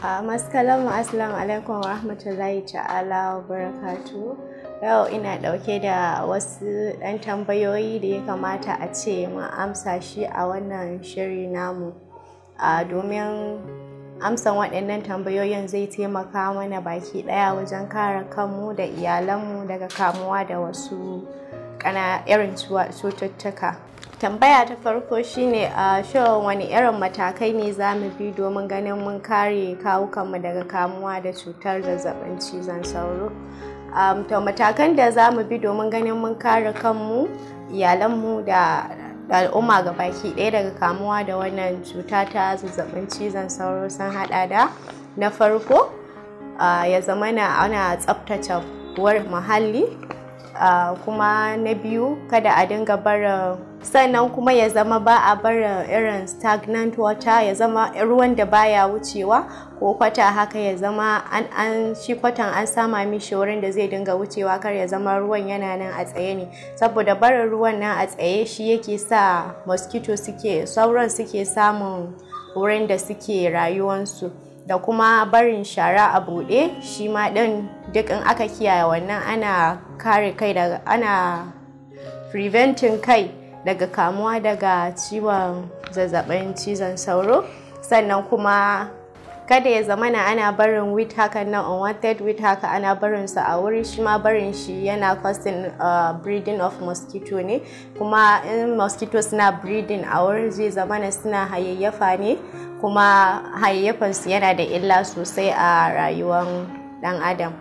Maskalamu Assalamu alaikum wa rahmatullahi ta'ala wa barakatu. Yau ina ɗauke da wasu ɗan tambayoyi da ya kamata a ce mun amsa shi a wannan shiri namu. Domin amsan waɗannan tambayoyin zai taimaka mana baki ɗaya wajen kare kanmu da iyalanmu daga kamuwa da wasu irin cututtuka. tambaya ta farko shine a shirin wani irin matakai ne za mu bi domin ganin mun kare kawukanmu daga kamuwa da cutar zazzabin cizon sauro to matakan da za mu bi domin ganin mun kare kanmu iyalanmu da al'umma ga baki ɗaya daga kamuwa da wannan cuta ta zazzabin cizon sauro sun haɗa da na farko ya zamana ana tsaftace muhalli Ah, kuma na biyu kada a dinga bara sannan kuma ya zama ba a bara irin stagnant water ya zama ruwan da baya wucewa ko kwata haka ya zama an an shi kwatan an sama mishi wurin da zai dinga wucewa kar ya zama ruwan yana nan a tsaye ne saboda barin ruwan nan a tsaye shi yake sa mosquito suke sauran suke samun wurin da suke rayuwansu da kuma barin shara a buɗe shi ma ɗin duk in aka kiyaye wannan ana kare kai daga ana preventing kai daga kamuwa daga ciwon zazzabin cizon sauro sannan kuma kada ya zamana ana barin wit haka na unwanted wit haka ana barin sa a wuri shi ma barin shi yana causing uh, breeding of mosquito ne kuma in mosquito suna breeding a wurin zai zamana suna hayayyafa ne kuma hayayyafansu yana da illa sosai a rayuwar dan adam